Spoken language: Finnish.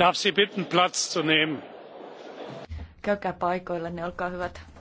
darf Sie bitten, Platz zu nehmen. Käykää paikoillenne, olkaa hyvät.